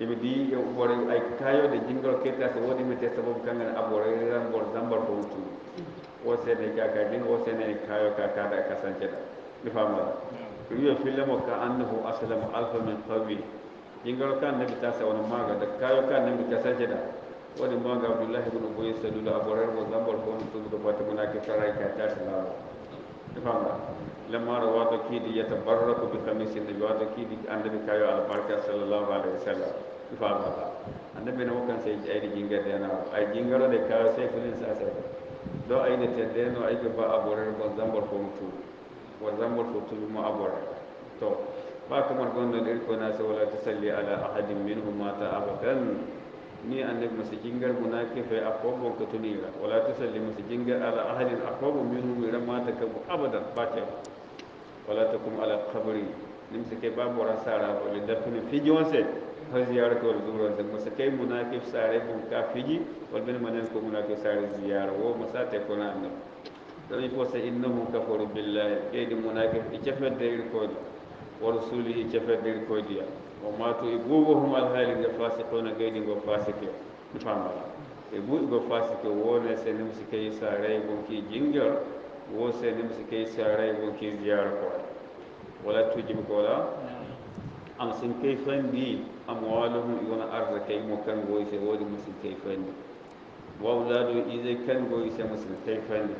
ibidi yo bore ay kayo da jingare ke ta so wodi mete sabab kan aborere zambar zambar ko mutubi wo oh, sene oh, ka ka din wo sene ka yo ka ka da ka san ce da bi fama da hmm. yi yo fille mo ka annahu aslama alfa min qawi dingaro kan nabi ta sa wona maga da ka yo kan nabi ta san ce oh, da wani maga abdullahi ibn ubay sallallahu alaihi wa sallam wa zambal ko mun tudu ko ta munake tarai ka ta sala bi fama da lamma rawa ta ki di yatabarraku bi khamisi da yo ta ki di andabi ka yo al baraka sallallahu alaihi wa sallam fama annabi ne wakan sai ai jingar da na ai jingaro da ka sai kulin sa sai do ayne no ayɓe ba abore ba zambor ko mutu wa zambor tu tubimo abore to ba ko mar gonno ko na so wala tasalli ala ahadin minhum ma ta abadan ni annabi masa jingar munake fe a ko ka tunira wala tasalli masa jingar ala ahadin a kobon ra ma ta kabu abadan ba ke wala takum ala qabri nimsa ke sara bo le dafni fi jonse har ziyara ko zura da musa kai munafif sare bu kafiji wal bin manan ko munafif sare ziyara wo musa ta ko nan dan ifo sa innahu kafaru billahi kai di munafif ichafa da irko wa rasulihi ichafa da irko dia wa matu ibubuhum al halin fasiquna gaidin go fasike fama ibu go fasike wo ne sai ne musu kai sare bu ki jingar wo sai ne musu kai sare bu ki ziyara ko wala tujib ko la an sin kai fandi amwaluhum iwana arzakai mo kan goyi sai wani musin kai fandi wa auladu izai kan goyi sai musin kai fandi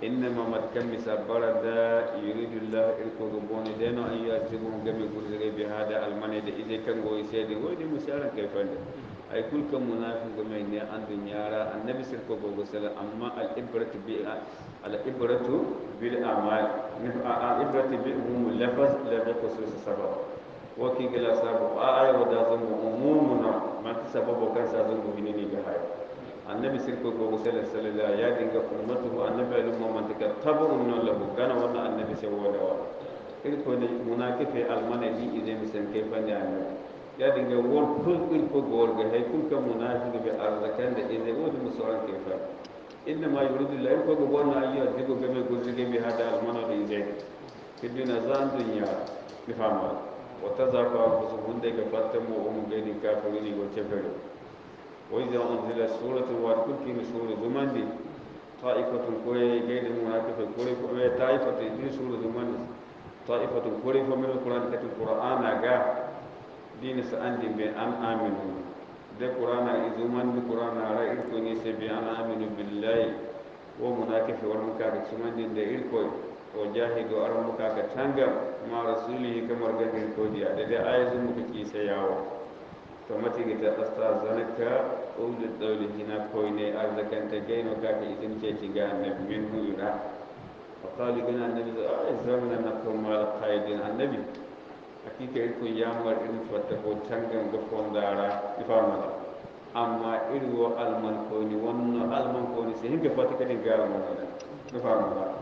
innama matkan misabbara da yuridu Allah irko gobone da yana an yasibu game gurzire bi hada almane da izai kan goyi sai da wani musaran kai fandi ay kulka munafiqu mai ne an dunyara annabi sirko gogo sala amma al ibratu bi al ibratu bil a'mal al ibratu bi umul lafaz la bi khusus sabab waki gila sabu a ay wada zango umumuna ma ta sababu kan sa zango hinini ga hay annabi sirko ko sallallahu alaihi wasallam ya dinga ummatu annabi alumma man ta taburun lahu kana wannan annabi sai wala wa irko ne munafiqi almanadi idan misan kai banda annabi ya dinga wol kul irko gol ga hay kul kan munafiqi bi arzakan da idan wani musoran kai fa inna ma yuridu la irko go wannan ayyuka digo be me gozige bi hada almanadi idan kidina zan dunya bi famal وتزهق أنفسهم هندك فتموا أمجين كافرين وكفروا وإذا أنزل سورة واركل كين سورة زمان دي طائفة كوي غير منافق كوري كوي طائفة دي سورة زمان طائفة كوري فمن القرآن كتب القرآن أجا دين سأندي بأن آمنوا ده قرآن إزمان ده قرآن رأيكم يسبي أن آمنوا بالله ومنافق والمكافر سمان دي ده إلكوي وجاهدوا أرمك كتانجم مع رسوله كما رجعت الكودي على ذا آيز مكي سياوة فما تجد أستاذنك أول الدولة هنا كويني أرزك أنت جاين وكاك إذن تيتي منه يرى فقال لنا النبي أعزمنا نقوم مع القائدين النبي أكيد إلكو يامر إن فتحو تنجم قفون دارا إفارنا أما إلو ألمان كويني وأنو ألمان كويني سيهنك فتحك نقال مولانا إفارنا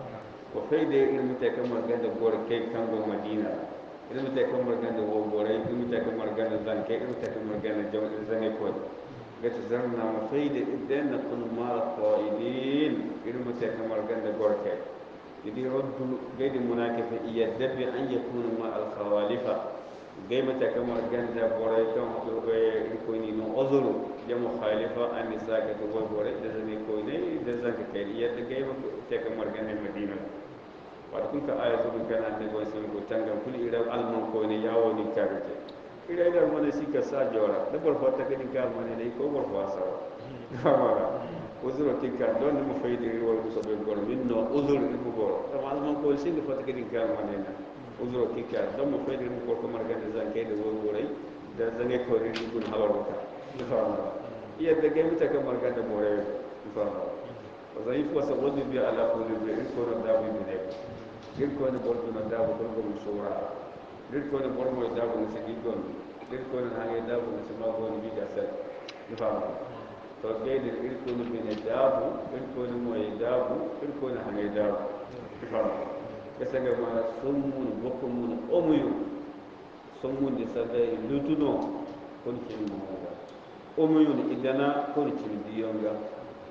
ko fayde ilmite ko mar gande gore key kango madina ilmite ko mar gande wo gore ilmite ko mar gande zanke ilmite ko mar gande jaw zange ko gata zanna ma fayde ibden kun mal qaidin ilmite ko mar gande gore key idi roddu gaydi munakifa iyadabi an yakuna ma al khawalifa gaymata kamar ganda gore kan ko ni no ozuru jamu khalifa an nisa ka gore da zane ko ne da zanka kai yadda gaymata kamar ganda madina watun ka aya zuru kana ne go sun go tanga kuli ira alman ko ne yawo ni kar ke ira ira mana de sa jora da de fata kini ka mana ne ko bor fa sa kamara uzuro kin ka don mu faidi ri wal musabe gor min no uzur ni ko bor da alman ko sin da fata kini ka mana ne uzuro kin ka don mu faidi mu ko kamar ga da zan kai da zo gorai da zan ko ri gun halar ka kamara iya da ga mutaka marga da more kamara ضعيف وسوّد بي على قول بي إركونا دابو بنيك إركونا بربنا دابو بربنا شورا إركونا بربنا دابو نسجيبون إركونا هاي دابو نسمعون بيجا سر نفهم to gaidin irkonu bene dabu irkonu moye dabu irkonu hane dabu ifama kasa ga ma summun bukumun omuyu summun da sabai lutuno kun kin mu omuyu idana kun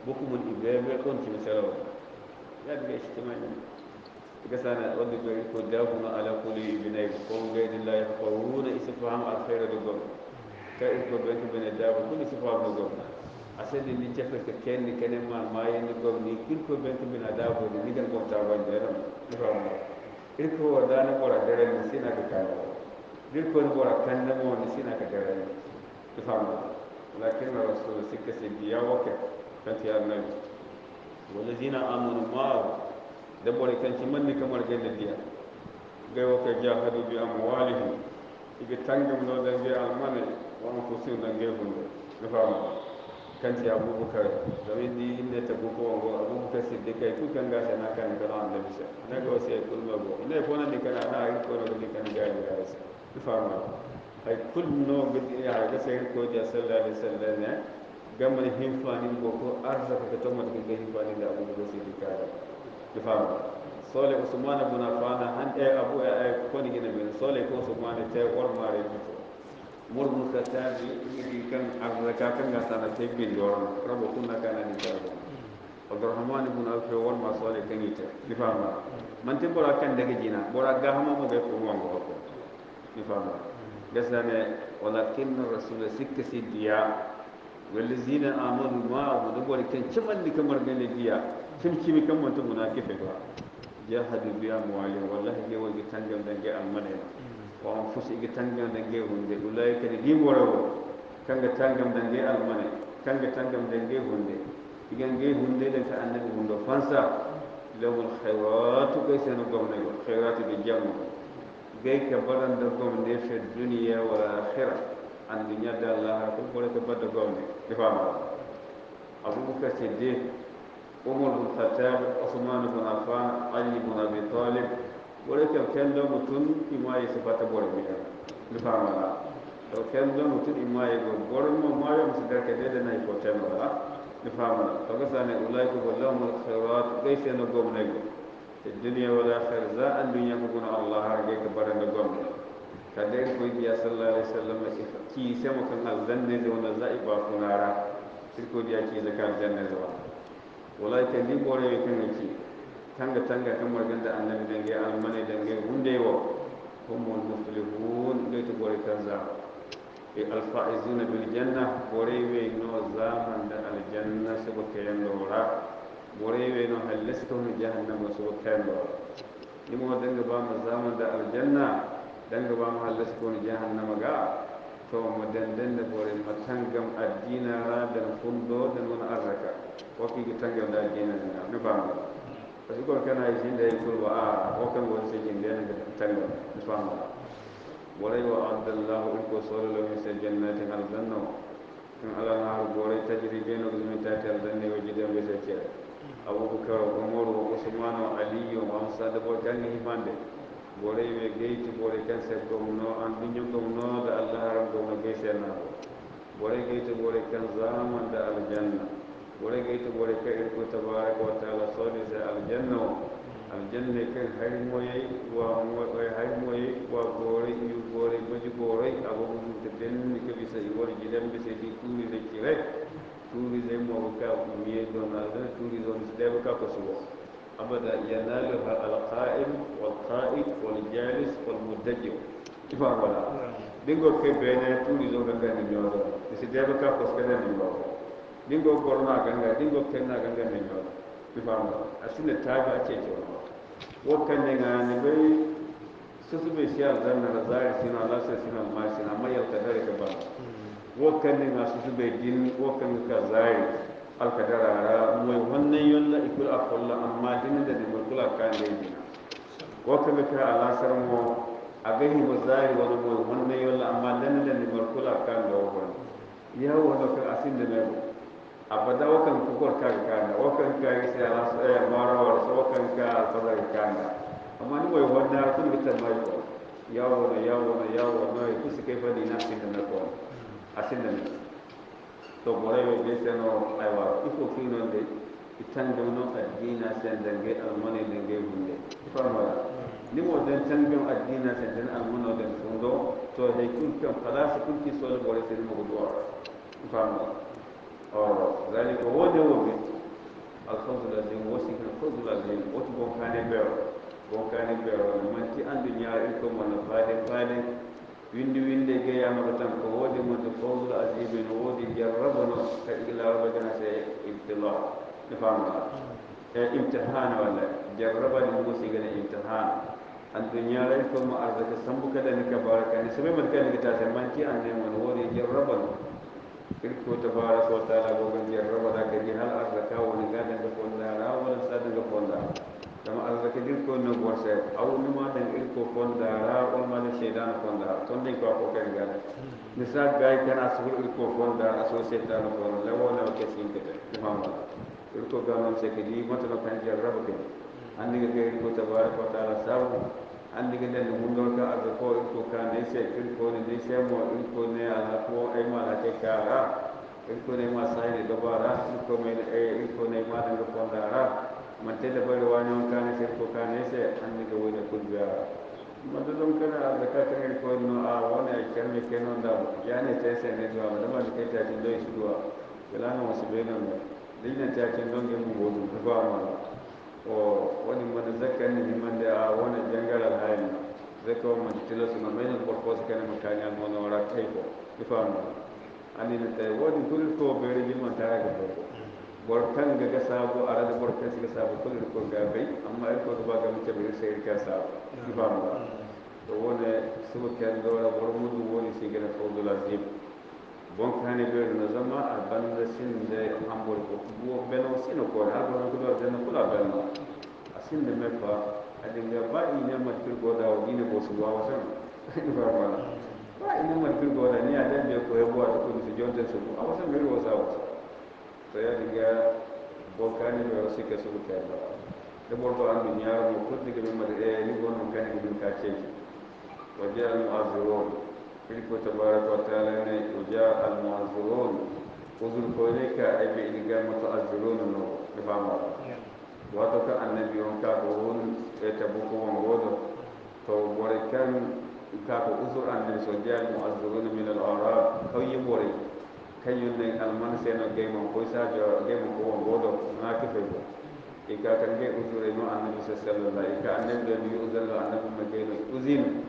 بكم الإبرام يكون في مسارة لا بقى اجتماعي كسانا ودي بقى كدافنا على كل بناي قوم بيد الله يحفظون إسفهم على خير الجبر كإسف بنت بن الداب كل إسفهم الجبر أسد اللي تفر كأن كان ما ما ينقوم ني كل بنت بن الداب اللي نقدر قوم تعبان جرم إفهم إلكو ودانا برا درن سينا كتابه إلكو نبرا كان نمو نسينا كتابه إفهم لكن الرسول سكت سيديا وكتابه kan ti annabi walladina amanu ma da bore kan ti manni kamar ganda dia gai waka jahadu bi amwalihim iga tangam no dan gai almane wa anfusin dan gai hunde na fama kan ti abubakar zamin di inda ta goko wango abubakar siddiq kai ku kan gasa na kan kana annabi sa na ga wasai kulma go ina fona ni kana na ai ko ni kan gai ga sa na fama ai kullu no gidi ya ga sai ko ja sallallahu alaihi wasallam gambal hinfani go ko arda ko to tomata ko hinfani da abu go sidi kaara e faamu sole usmana ibn affan han e abu e ay koni gina men sole ko usmana te wormare jito mor mu katabi idi kan arda ka kan ga sana te bin doron rabo kunna kana ni kaara abdurrahman ibn auf worma sole kan ite ni faamu man te bora kan daga jina bora ga hamo mo be ko wongo ko ni faamu gasane walakin rasul sikka sidiya والذين آمنوا معه ودبر كان شمل لكمر من الدنيا الجيا كم بكم وانت منافق جاهدوا بها معايا والله اللي وجه تنجم دنجا المنع وأنفس إجا تنجم دنجا هند أولئك اللي وروا كان تنجم دنجا أمنه كان تنجم دنجا هند إجا دنجا هند لك أنك هند فانسا لو الخيرات كيسان قمنا الخيرات بالجمع جاي كبرن دقم في الدنيا والآخرة عن دنيا الله كل بركة بدقمنا لفامر أبو بكر الصديق عمر بن الخطاب عثمان بن عفان علي بن أبي طالب ولكن كان له متن إما يسفات بورميا لفامر لو كان له متن إما يقول بورم ما يمسدر كده لنا يفوتين ولا لفامر فقصنا أولئك واللهم الخيرات ليس نقوم نقوم الدنيا والآخرة زاء الدنيا كنا الله رجيك برنا قومنا kadirin koygiya sallallahu alaihi wasallam ki semo kan aljanna zo na zai ba kunara sirko dia ki zaka aljanna zo wallahi kan ni bore kan ki tanga tanga kan marganda annabi dange almane dange hunde wo humul muflihun dai to bore kan za e alfaizuna bil janna bore we no zaman da aljanna sabo kayan dora bore we no halastu jahannam sabo kayan dora nimo danga ba mu zaman da aljanna dan gaba mu halas ko ni jahannama ga to mo den den ne bore ma tangam addina ra dan fundo dan wona arraka o ki ki tangam da addina na ne ba mu parce que kana yi da yi kurwa a o kan won se jin den da tangam ne ba mu wala wa adallahu in ko solo lo min se jannati hal zanno in ala na har bore tajri beno gumi ta ta zanne waje da be se ke abubakar umar wa usman wa ali wa amsa da bo tan ni himande bore ɓe geyti bore kansel gomno an di ñu ɓiño da allah haram gomno geysenaɗo boore geyto bore kan zamanda aljanna bore geyto bore ka ko tabaraka ko taala soode se janna o janna kan hay moye wa mo hay moye wa boore yu boore boore ba bore mu te ben denni ke bisa i wor bi di ci rek tuurise cire tuurise moko ka mi e do na da ɗon allah tuurise on siɗeɓe ka ko wo أبدا ينالها القائم والقائد والجالس والمدجر كيفا ولا دينغو كي بين تولي زوجة كان نيودا سيدابا كا كوسكنا نيودا دينغو غورنا غانغا دينغو كنا غانغا نيودا لك؟ ولا اسين تاجا تشيتو وكان نيغا نبي سسبي سيار زمنا رزاي سينا لا سينا ما سينا ما يلتهرك با وكان نيغا سسبي دين وكان كزاي alkadara ra moy wannan yolla ikul akolla amma dinin da dinin kula kan dai dina wa kaga ka ala sarmo agahi wazari wa moy wannan yolla amma dinin da dinin kula kan da wa ya wa da ka asin da ne abada wa kan ku kor ka kan da wa kan ka sai ala sai marawa sai wa kan ka alfazar kan da amma ni moy wannan kun bitan mai ko ya wa ya wa ya wa mai kusa kai fa dina asin da ne ko asin da ne to borebe be seno aywa ifo kinonde ittanjono addina sendenge almone denge hunde farmoya ndimo den tanjon addina senden almono den fundo to hay kulkem halas kulki sole bore sen mogo duwa farmo oro zalika wode wobe alfawzul azim wosik alfawzul azim woti bonkane beero bonkane beero manti andu ñaari ko mono faade faade windi winde geyamako tan ko woodi gonde fawdul asibe no woodi jarrabono kadi ilaa rabbana se ibtila ne famnaa e imtihan walla jarrabani mugo sigana imtihan andu ñaalay komo arda ko sambu kadani kabara kani sobe mbaɗi kani ko tase manki anne mo woodi jarrabano kadi ko tabaraka wa taala gogon jarrabaɗa kadi hal arda ka woni gadango wala walla sadango fondaara dama alzakadir ko no borse aw numa tan ir ko fondara on mane seydana fondara ton den ko ko kadi gada misal gay kana sugul ir ko fondara so seydana fondara la wona o kesin kete muhammad ir ko gamon se kadi mata no tan jar rabu kadi andi ga ir ko tabaraka wa taala sabu andi ga den mun do ka az ko ir ko ka ne se ir ko ne se mo ir ko ne ala ko ay mala ke kara ir ko ne ma sai ne dobara ir ko me ir ko ne ma dan ko fondara mantel da bari wani wanka ne sai ko ka ne sai an ni gawo da kujja mata don kana da ka ne ko no a wani a ne ke non da ya ne sai sai ne zuwa da ma ke ta jin dai shiruwa kalan wasu bai nan da dinna ta kin don gemu go du ba ma o wani mana zakkan ni man ah, da a wani jangara da ni zakka mun tilo su na mai ko ko sai ne mun ta ne mun wara kai ko ifa mu an ni wani kul bai ji mun ga ko bortan ga ga sabo a rada bortan si ga sabo kulir ko ga bai amma ir ko ba ga mutum ne sai ka sabo ki ba mu to wone subu kan dora bor mu du woni si ga ko do lazim bon kan be na zama a banda sin de ambor ko bo belo sin ko ha do ko do den ko la belo asin de me fa adinga ba ina matkir go da o dine bo su wa wasan ni ba ma ba ina matkir go da ni a den be ko e bo da ko ni jonte su a wasan me ro sa wasan to ya riga bokani mai wasu ka su ta ba da bordo an dun ya mu kudde ga mai da ni gon mun kan gudun ka ce ki waje al mu'azzirun kiri ko tabaraka wa ta'ala ne waje al mu'azzirun uzur ko ne ka ai bi riga mu'azzirun no da ba ma wato ka annabi on ka ko won ta buko won godo to bore kan ka ko uzur an ne so dia al mu'azzirun min al arab kawai bore kañum nen almana seeno gey mon koy sadio gey mon ko won goɗo ma kefe go i ka kan gey usure no annabi sa sallallah i ka annabi ɗo ni usallo annabi ma geyno usine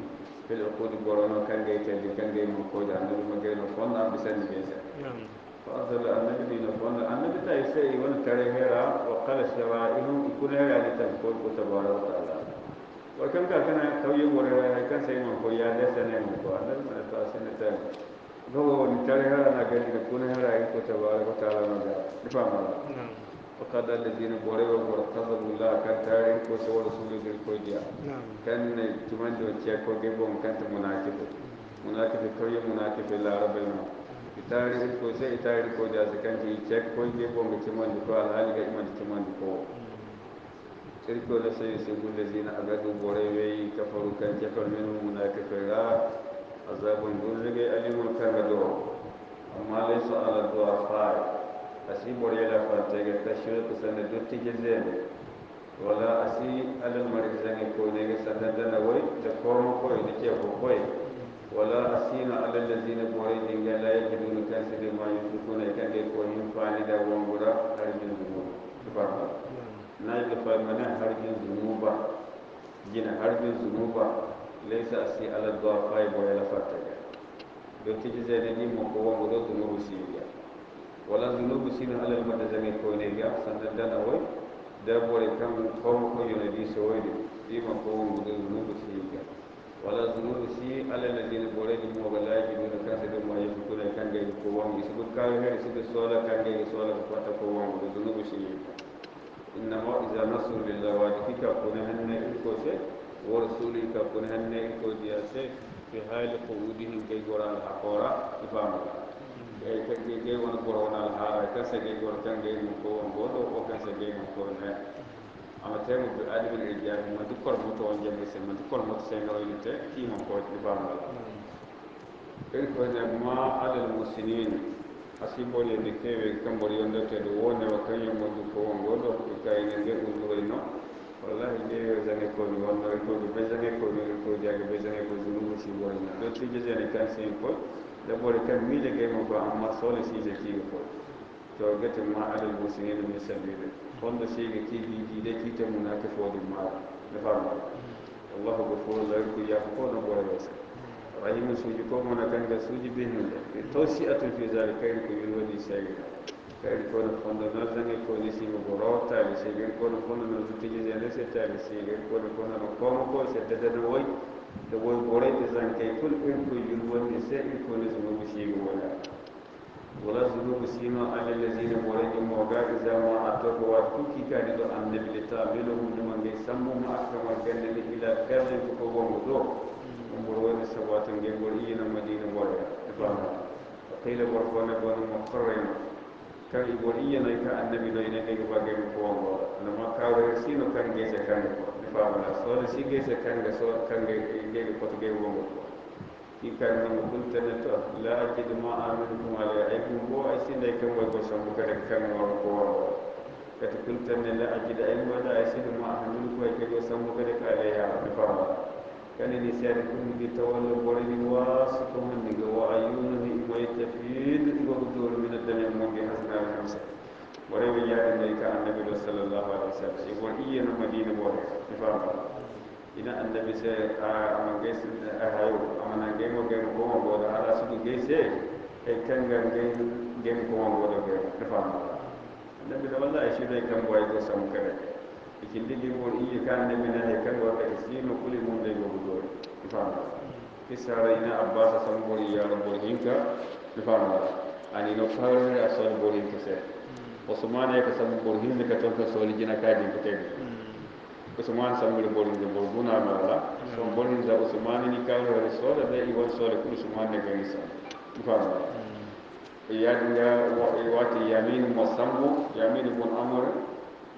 fil uqudi borono kangey telli kangey mon koje annabi ma geyno fonno ambi sanni gey sa fa arsallo annabi ɗino fonno annabi tawi sey won tare hera wa qala shawaihum i kun herani tan koy ko tabaraka wa taala wa kan ka kana kawyum wora hay kan sey mon ko ya lesane mon ko annabi mana tawa sene tani gaba wani tare hara na gani da kuna hara yin ko tabara ko tara na da rufa mana fakada da dina gore wa gore kazabu la kan tare ko sai wa rasulu da ko dia kan ne tuman da ce ko gebo kan ta munafiqu munafiqu kawai munafiqu la rabbil ma itari ko sai itari ko dia zakan ki ce ko gebo ga tuman ko alhali ga iman tuman ko irko da sai sai gulle zina agadu kafaru kan ce kalmin munafiqu ra azabun gurgurge ali mulkar da duwa amma lai su ala duwa fa'a a si bore da fata ga kashi da kusan da duk tike zai wala a si alal mari zane ko ne ga sanar da wai da koma kawai da ke kokwai wala a si na alal da zina bore dinga layi ga duni kan su da mayu su kuna kan dai ko yin da wangura na yi da fa'a mana gina har jin zumu ba laysa si ala do fay boy la fatega do ti ci zene ni mo ko wongo do dum rusi ya wala dum rusi sin ala al madazami ko ne ya san da da na da boy kam ko ko yone di so way di di mo ko wongo do dum rusi ya wala dum rusi ala la din boy di mo wala di mo ka se do may ko ne ko wongo di so ka ne di so sola kan ga di sola ko ta ko wongo do dum rusi ya inna ma iza nasr lil lawadi fika ko ne hanne ko se wo rasuli ka kun hanne ko diya se fi hali qu'udihim kay goral hakora ifamu kay kay kay won corona hara ka se kay gor ko on ko kan se kay mun ko ne amma te mu ma di kor mu to on ma di kor mu se te ki mun ko ifamu kay ma alal muslimin asibole de kewe kambori ondote do wona wakanyo mo du ko on godo ne be uzuroino والله اللي يزني كوني وانا ركودي بيزني كوني يعني ركودي اجا بيزني كوني زمان مشي بوينا لو تيجي زني كان سين كون ده بور كان ميل جاي مبا اما صول سي زي كي كون تو جت ما على المسلمين من سبيل كون ده سي جي دي دي ده كي تمنا كفود ما نفهم الله غفور لا يرك يا كون بور يوسف رحيم سوجي كون انا كان سوجي بينه توسيعه في ذلك كان يقول لي سيدنا Telefone fondo no sangue coni simo gorota, ele se vem con fondo no tutije zene se ta ele se vem con fondo no como ko se te de noi, de voi gore te san kai kul in ku yun won ni se in ko ne zubu shi wala. Wala zubu sima ala lazina gore ni mo ga iza ma atoko wa kuki ka ni do annabi li ta bilu mun man ge sammu ma akrama ganne ni ila kaze ko ko mo do. Mo woni sawatan ge gor ina madina gore. Ibrahim. Qila gorfona bon mo qarrayna. ka iboriya na ka annabi do ina ngi bage gami ko ngo na ma ka wa si kan ge se kan ko ni fa wala so si ge se kan ge so kan ge ge ko to ge ngo ki kan ni kun ta to la ajid ma aminkum ala ilm bo asin dai kan wai ko san ko kan kan ngo ko ka ta kun ta na la ajid ilm da asin ma aminkum ko ge ko san ko kan ala ya ni fa wala كان لسانكم بتوان وبرين واسط منك وعيونه ما يتفيد وبدور من الدنيا من بحسن الخمسة ورين يا إليك عن النبي صلى الله عليه وسلم يقول إيه المدينة بوحي إفاق إن أن النبي سأعلم آه، جيس أهيو أما نجيم وجيم قوم بودا على سد جيس هي كان جيم جيم قوم بودا جيم إفاق النبي والله أشيله كم بوحي يقول كذا ikindidi mor iye kan nemina he kan warta islima kuli mun de gogo do kisara ina abbas san bor ya rabbor hinka ifama ani no fawre asal bor hinka se usman hmm. ya kasan bor hinka ka tonka soli jina ka din ko tege usman hmm. san bor bor hinka bor guna mala hmm. son bor hinka usman ni ka ro sole de i won soli kul usman ne gari sa ifama ya dinga wati yamin musammu yamin bun amr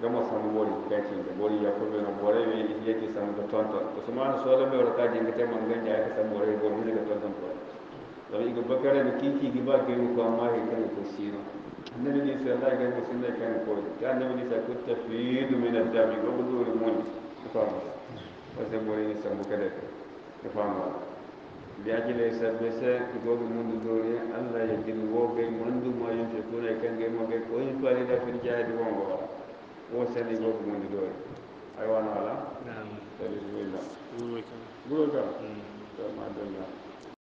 gama boli katin da boli ya kobe na bore me ya ke samu da tonto to su ma so da bora ta jinga ta man ganja ya samu bore go mu da tonto ko da bi ga bakara da kiki gi ba ke ko amma ya kan ko sino annabi ne sai Allah ga ko sinna kan ko ta annabi ne sai ku tafidu min al-dami go bu dole mun fa ba sai bore ne samu kada ta fa ma biya ji le sai be sai go bu mun dole Allah ya gin ga mun du ma yin ta kuna kan ga ma ga ko in fare da fil jahili won ba wo sene go ko mondi do ay wana wala naam tali wo ila wo ka wo ka ma dalla